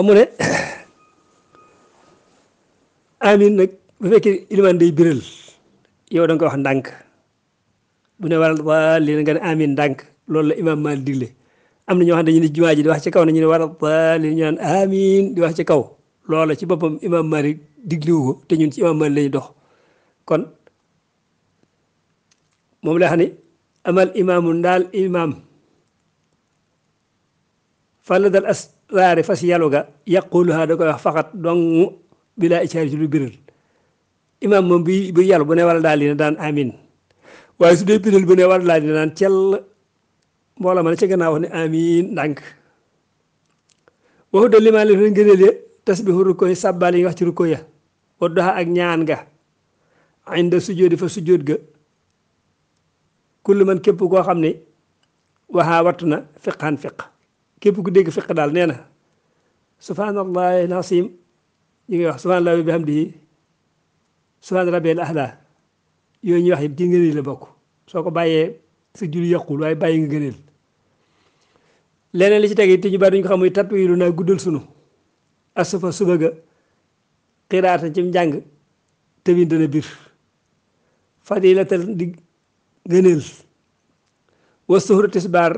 waaw mu ne amin nag bu fekkee ilimaan day biral yow koy wax ndànk bu ne waral waalin nga ne amin ndànk loolu la imaam Maalik digle am na ñoo xam ne dañu ne jumaa ji di wax ci kaw nañu ne waral waalin ñu naan amin di wax ci kaw loola ci boppam imaam Maalik ko te ñun ci imaam Maalik lañu dox kon moom la xam ne amal ndaal imaam fàll as waare fas yalu ga yaquluha da koy wax dong bilaa icaar ci lu biral imaam moom bi bi yàlla bu ne wala daal di ne daan amin waaye su dee biral bu ne wala daal daan cell mbooloo ma ne ca gannaaw wax ne amin ndànk waxu de limaa li leen gënale tasbihu rukko yi sàbbaal yi wax ci rukko ya wadduha ak ñaan ga inda sujjóot fa sujjóot ga kullu man képp koo xam ne waxaa wattu na fiqaan fiq képp ku dégg fiq daal nee na subhaanallahi naasim ñu ngi wax subhaanallahi wa bihamdihi subhaana rabbiyal ahla yooyu ñuy wax yëpp ci bokk soo ko bàyyee sa julli bàyyi nga leneen li ci tege te ñu bari duñ ko xam muy tapp yi lu naa guddal sunu asufa suba ga xiraata ci njàng tëbin dana biir fadilatal di ngëneel wa suhru tisbaar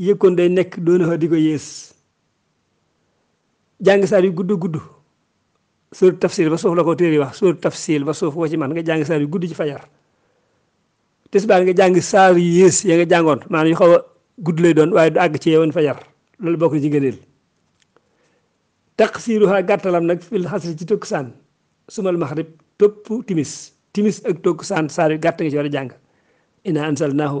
yëkkoon day nekk doona xaw di ko yées jàng saar yu gudd gudd sóoru tafsil ba suuf la ko téere wax sóoru tafsil ba suuf woo ci man nga jàng saar yu gudd ci fajar tisbaar nga jàng saar yu yées ya nga jàngoon maanaam yu xaw a gudd lay doon waaye du àgg ci yeewoon fajar loolu bokk na ci ngëneel taqsiruha gàttalam nag fil xasri ci takkusaan sumal maxrib topp timis timis ak takkusaan saar yu gàtt nga ci war a jàng ina ansalnaahu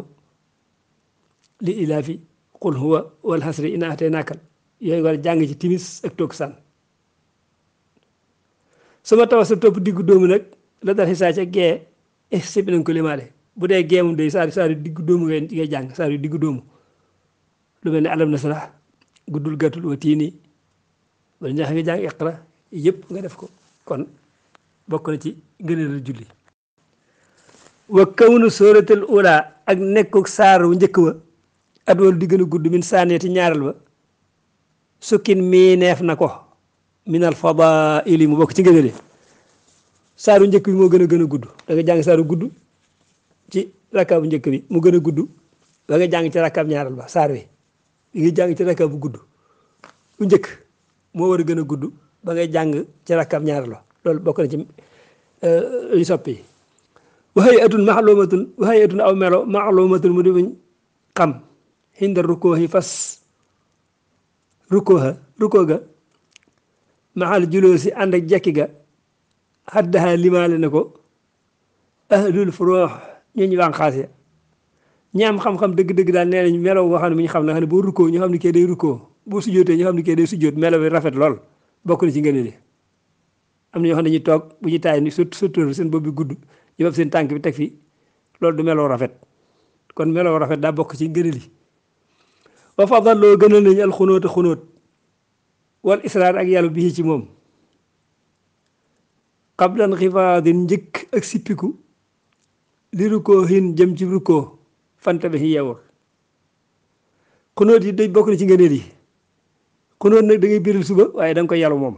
li ilaafi qul huwa wal hasri inna ataynaakal yooyu war jàng ci timis ak takkusaan su ma taw sa topp diggu dóomu nag la dal xisaa ca gee eh, sëpp nañ ko bu dee gee moom day saar saar diggu dóomu ngay jàng saar yu diggu lu mel ne alam nasrah guddul gàttul wa tiini wala ñax nga jàng la yépp nga def ko kon bokk na ci ngëneelu julli wa kawnu sóoratal ula ak nekkuk saar njëkk wa adool di gën a gudd min saaniyati ñaareel ba sukkin mii neef na ko min al fadaili mu bokk ci ngëneel saaru njëkk bi moo gën a gën a gudd da nga jàng saaru gudd ci rakka bu njëkk bi mu gën a gudd da jàng ci rakkaab ñaareel ba saar wi jàng ci rakkaab bu gudd bu njëkk moo war a gën a gudd ba ngay jàng ci rakkaab ñaareel loolu bokk na ci euh, li soppi waxay atun maxlumatun waxay atun aw melo maxlumatun mu di buñ xam hindal rukkoohi fas rukkooha rukkoo ga maxal juloo si ànd ak jekki ga xaddaha limaale na ko ahlul furoox ñooñu bànqaas ya ñi am xam-xam dëgg-dëgg daal nee nañ melow boo xam ne mi ñu xam na xam ne boo rukkoo ñu xam ne kee day rukkoo boo sujjootee ñu xam ne kee day sujjoot melaw bi rafet lool bokk na ci ngëneel yi am na ñoo xam ne dañuy toog bu ñu taay ni sut sutur seen bopp bi gudd ñu bopp seen tànk bi teg fi loolu du melaw rafet kon melaw rafet daa bokk ci ngëneel yi fa fadalloo gënal nañu alxunóota xunóot wal israar ak yàlla bii ci moom xablan xifaadin njëkk ak sippiku li rukkoo hin jëm ci rukkoo fanta bi ci xunóot yi day bokk na ci ngëneel yi xunóot nag da ngay biral suba waaye da koy yàlla moom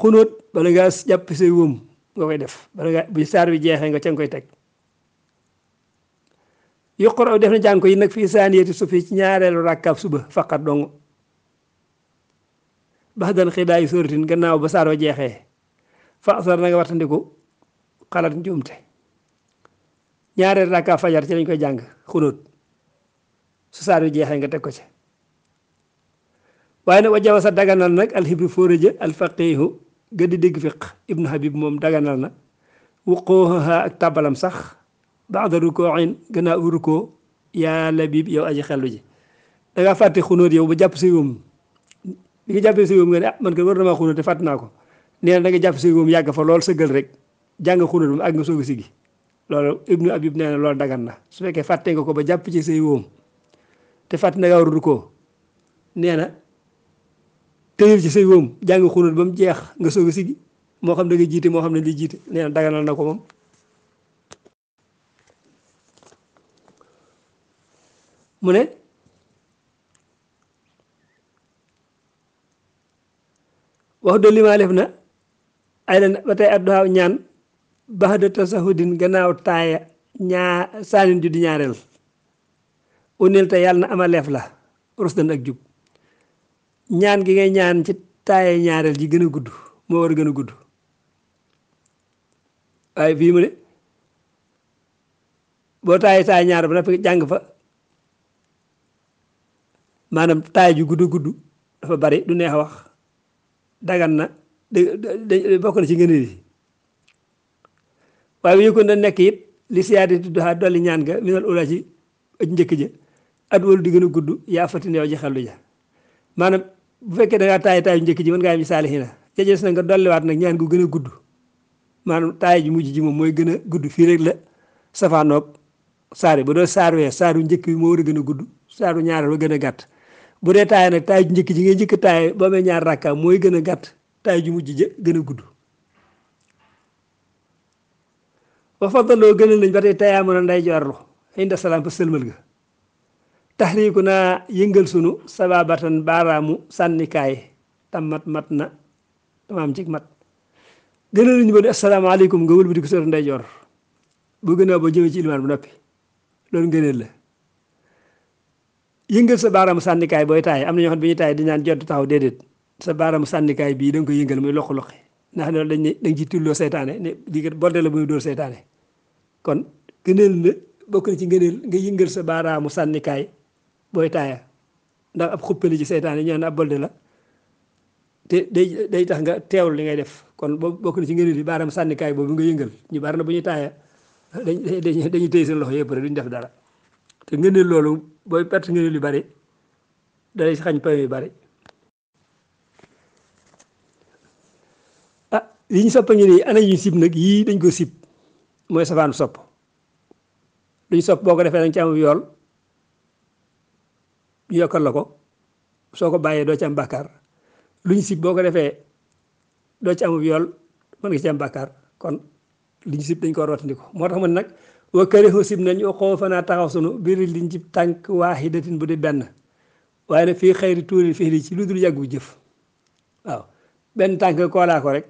xunóot bala ngaa jàpp say wóom nga koy def bala ngaa bu saar bi jeexee nga ca nga koy teg yuqra def na jàng ko yi nag fii saaniyati sufi ci ñaareelu rakkaab suba faqat dong baxdal xidaay sóoratin gannaaw ba saaroo jeexee fasar na nga wattandiku xalaat njuumte ñaareelu rakkaab fajar ci lañ koy jàng xunóot su saaroo jeexee nga teg ko ci waaye nag wajawa sa daganal nag alxibru fóoraja alfaqiihu di dégg fiq ibnu habib moom daganal na wuqooha ak tabalam sax baada rukooin gannaaw rukoo yaa labib yow aji xellu ji da ngaa fàtte xunóot yow ba jàpp sa wóom bi nga jàppee sa wóom nga ne ah man ko war na maa xunóot te fàtt naa ko nee na da nga jàpp sa wóom fa lool sëggal rek jàng xunóot ak nga soog a sigi loolu ibnu abib nee na loolu dagan na su fekkee fàtte nga ko ba jàpp ci say wóom fàtt na ngaa rukoo nee na tëyal ci say wóom jàng xunóot ba mu jeex nga soog a sigi moo xam da nga jiite moo xam ne li jiite nee na daganal na ko moom mu ne wax dëgg li maa def na ay la ba tey adduha ñaan baax de tasahudin gannaaw taaya saanin ju ñaareel unil te yàlla na ama leef la rusdan ak jub ñaan gi ngay ñaan ci taaya ñaareel ji gën a gudd moo war a gën a gudd waaye fii mu ne boo taayee taaya ñaar ba noppi jàng fa maanaam taay ju gudd gudd dafa bari du neex a wax dagan na bokk na ci ngeen di waaye bu yëkkoon da nekk it li siyaadati duhaa dolli ñaan ga minal ula ci ëj njëkk ja at walu di gën a gudd yaa fatin yow ji xellu ja maanaam bu fekkee da ngaa taay taayu ji mën ngaa yem ci saalihina jajees na nga dolliwaat nag ñaan ko gën a gudd maanaam taay ji mujj ji moom mooy gën a gudd fii rek la safaanoog saar yi bu doon saar wee saaru njëkk bi moo war a gën a gudd saaru ñaareel ba gën a gàtt bu dee taay nag taay ju njëkk ji ngay njëkk taay ba amee ñaar rakka mooy gën a gàtt taay ju mujj gën a gudd wa faddaloo gënal nañ ba tey tayaamu na nday joorlu inda salaam fa sëlmal ga taxriiku yëngal sunu sababatan baaraamu sànnikaay tam mat mat na tamaam cig mat a nañu ba ne asalaamaaleykum nga wëlbati ko sori nday joor bu gën a boo jëmee ci ilmaan bu noppi loolu ngëneel la yëngal sa baaraamu sànnikaay booy taay am na ñoo xam ne bi ñu taay di sànnikaay bii da ko yëngal muy loxo loxi ndax loolu dañ ne da nga ciy tulloo ne di kat borde la muy dóor seytaane kon gëneel na bokk ci ngëneel nga yëngal sa baaraamu sànnikaay booy taaya ndax ab ci seytaane ñu naan ab bolde la te day day tax nga teewul li ngay def kon boobu bokk ci ngëneel yi baaraamu sànnikaay boobu nga yëngal ñu bari na bu ñu taaya dañuy téye seen loxo yëpp rek duñ def dara te ngëneel loolu booy perte ngëneel yu bari dalay si xañ yu bari ah yi ñu soppa ngi nii ana yi sib nag yii dañ ko sib mooy safaanu sopp luñ sopp boo ko defee dañ ci am yool ñu yokkal la ko soo ko bàyyee doo ci am lu luñ sib boo ko defee doo ci am yool mën nga ci am bàkkaar kon liñ sib dañ ko rootandi ko moo tax man nag wa karihu sib nañ waxoo fanaa taxaw sunu biri liñ ci tànk waaxidatin bu di benn waaye nag fii xayri tuuri fii ci lu dul yàggu jëf waaw benn tànk koolaa ko rek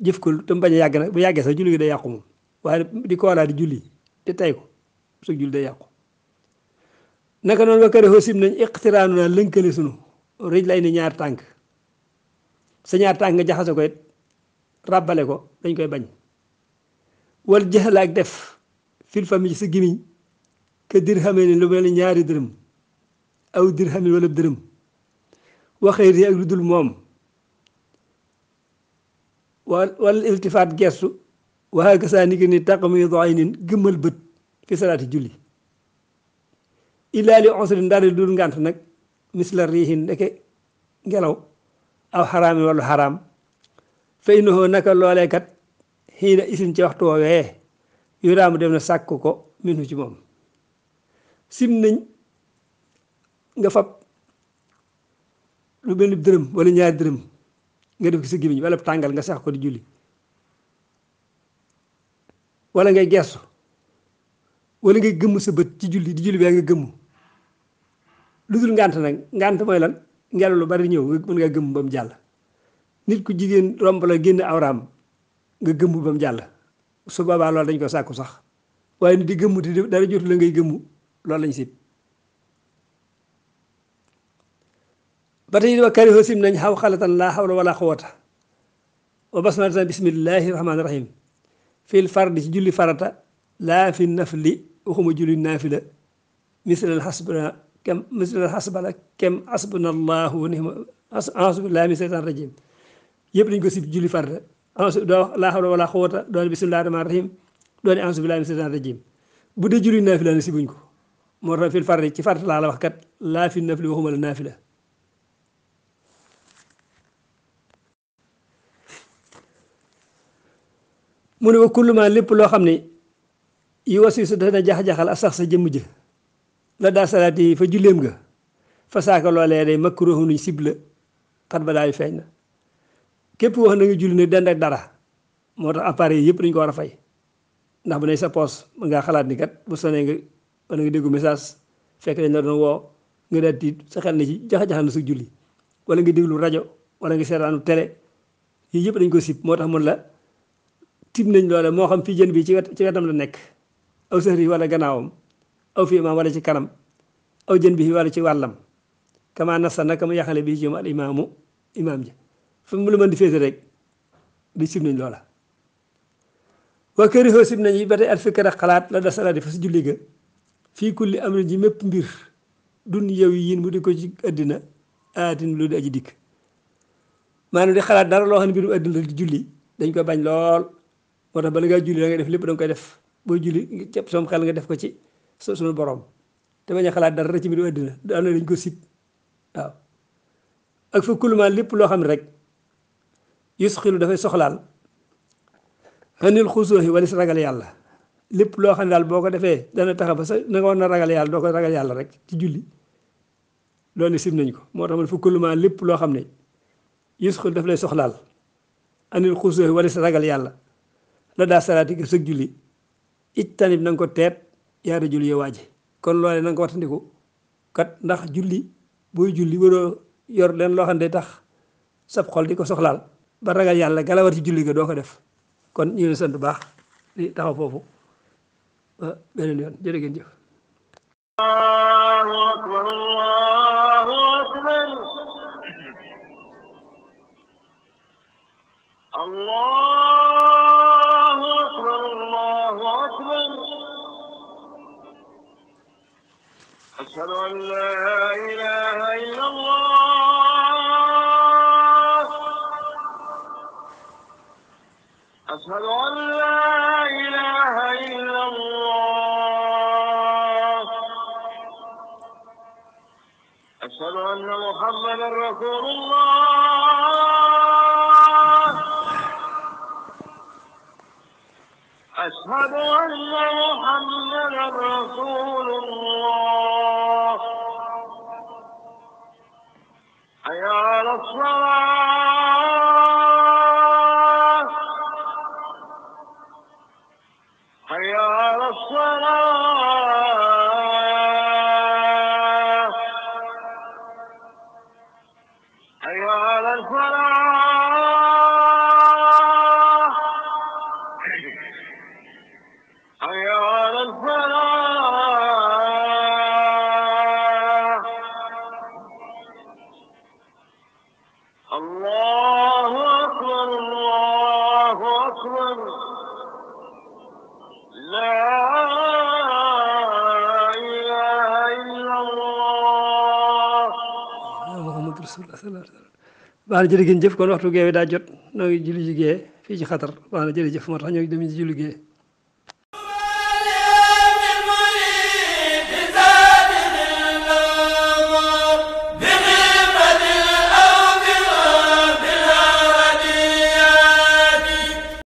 jëf ko te bañ yàgg bu yàggee sax julli gi yàqu moom waaye di koolaa di te tey ko su julli day yàqu naka noonu wa karihu sib nañ iqtiraanu naa lënkale sunu rëj lay ni ñaar tànk sa ñaar tànk nga jaxase ko ràbbale ko dañ koy bañ wal jëxla ak def fil famille sa gimiñ ke dirhamee ni lu mel ñaari dërëm aw dirhamin wala dërëm waxee ri ak lu moom wala iltifaat gestu waxa gasaa ni ki ni taqmi doy nin gëmmal bët fi salaati julli illaa li onsri ndaari dul ngànt nag misla riihin ndeke ngelaw aw xaraamin wala xaraam fa innahu naka loolee kat isin ci waxtu woowee yuraamu dem na sàkk ko minu ci moom sim nañ nga fab lu benn dërëm wala ñaari dërëm nga def ko sa gémmiñ wala tàngal nga sax ko di julli walla ngay geesu wala ngay gëmm sa bët ci julli di julli bee nga gëmm lu dul ngànt nag ngànt mooy lan ngelaw lu bari ñëw mën nga gëmm ba mu jàll nit ku jigéen romb la génn awraam nga gëmm ba mu jàll su boobaa loolu dañ ko sàkku sax waaye ni di gëmmu dara jotu ngay gëmmu loolu lañ sib ba tey wa kariho sim nañ xaw xalatan laa xawla wala xuwata wa basmalatan bismillahi rahmaani rahim fil fardi ci julli farata laa fi nafli waxuma julli naafila mislal xasbana kem mislal xasbala kem asbana allahu wa nihma asbillah min seytaan rajim yëpp dañ ko sib julli farata ansu doo laa hawla wala quwwata doone bismillahi rahmaani rahim doone ansu billahi min seytaan rajim bu dee julli naafila la si buñ ko moo tax fil farri ci fart laa la wax kat laa fi nafli waxuma la mu ne wa kullumaa lépp loo xam ne yi wasi su dana jax-jaxal a sax sa jëmm jë la daa salaati fa julleem nga fa saaka loolee day makruhun luñ sib la xat ba daal feeñ na képp wax na nga julli ne dend ak dara moo tax appareil yëpp dañ ko war a fay ndax bu ne sa poos mën ngaa xalaat ni kat bu sonee nga wala nga déggu fekk dañ woo nga daal di sa xel ne ci jaxa-jaxal na su julli wala nga déglu rajo wala nga seetaanu télé yii yëpp dañ ko sib moo tax mun la tibb nañ loole moo xam fii jën bi ci wet ci wetam la nekk aw sëri wala gannaawam aw fi imaam wala ci kanam aw jën bi wala ci wàllam kama nasa naka mu yaxale bi ci moom al imaam ja fu mu la mën di féete rek di sib nañ loola waa këri xoo sib nañ yi ba tey al fikra xalaat la da salaat yi fa si julli ga fii kulli am ji mépp mbir dun yow yi yéen mu di ko ci àddina aatin lu di aji dikk maanaam di xalaat dara loo xam ne mbirum àddina di julli dañ ko bañ lool moo tax bala ngaa julli da nga def lépp da koy def boo julli ceeb soom xel nga def ko ci sunu borom te bañ a xalaat dara ci mbirum àddina am na dañ ko sib waaw ak fa kullumaa lépp loo xam ne rek yusxilu dafay soxlaal xanil xusuuxi wala si ragal yàlla lépp loo xam ne daal boo ko defee dana taxa ba sa na nga war na ragal yàlla doo ko ragal yàlla rek ci julli loolu sim nañ ko moo tax man fukkulumaa lépp loo xam ne yusxilu daf lay soxlaal xanil xusuuxi wala si ragal yàlla la daa salaati ko sëg julli it tanib na nga ko teet yaara julli yow waaji kon loolee na nga ko wattandiku kat ndax julli booy julli waroo yor leen loo xam ne day tax sab xol di ko soxlaal ba ragal yàlla galawar ci julli ga doo ko def kon ñu ngi sant di taxaw foofu ba beneen yoon jërë ngeen jëf أشهد أن لا إله إلا الله أشهد أن لا إله إلا الله أشهد أن محمدا رسول الله أشهد أن محمدا رسول الله حي على الصلاة حي على الفلاح rasulullah sallallahu alayhi wa sallam baax na jërë ngeen jëf kon waxtu geewe daa jot noo ngi julli ji gee fii ci xatar baax na jërëjëf moo tax ñoo julli gee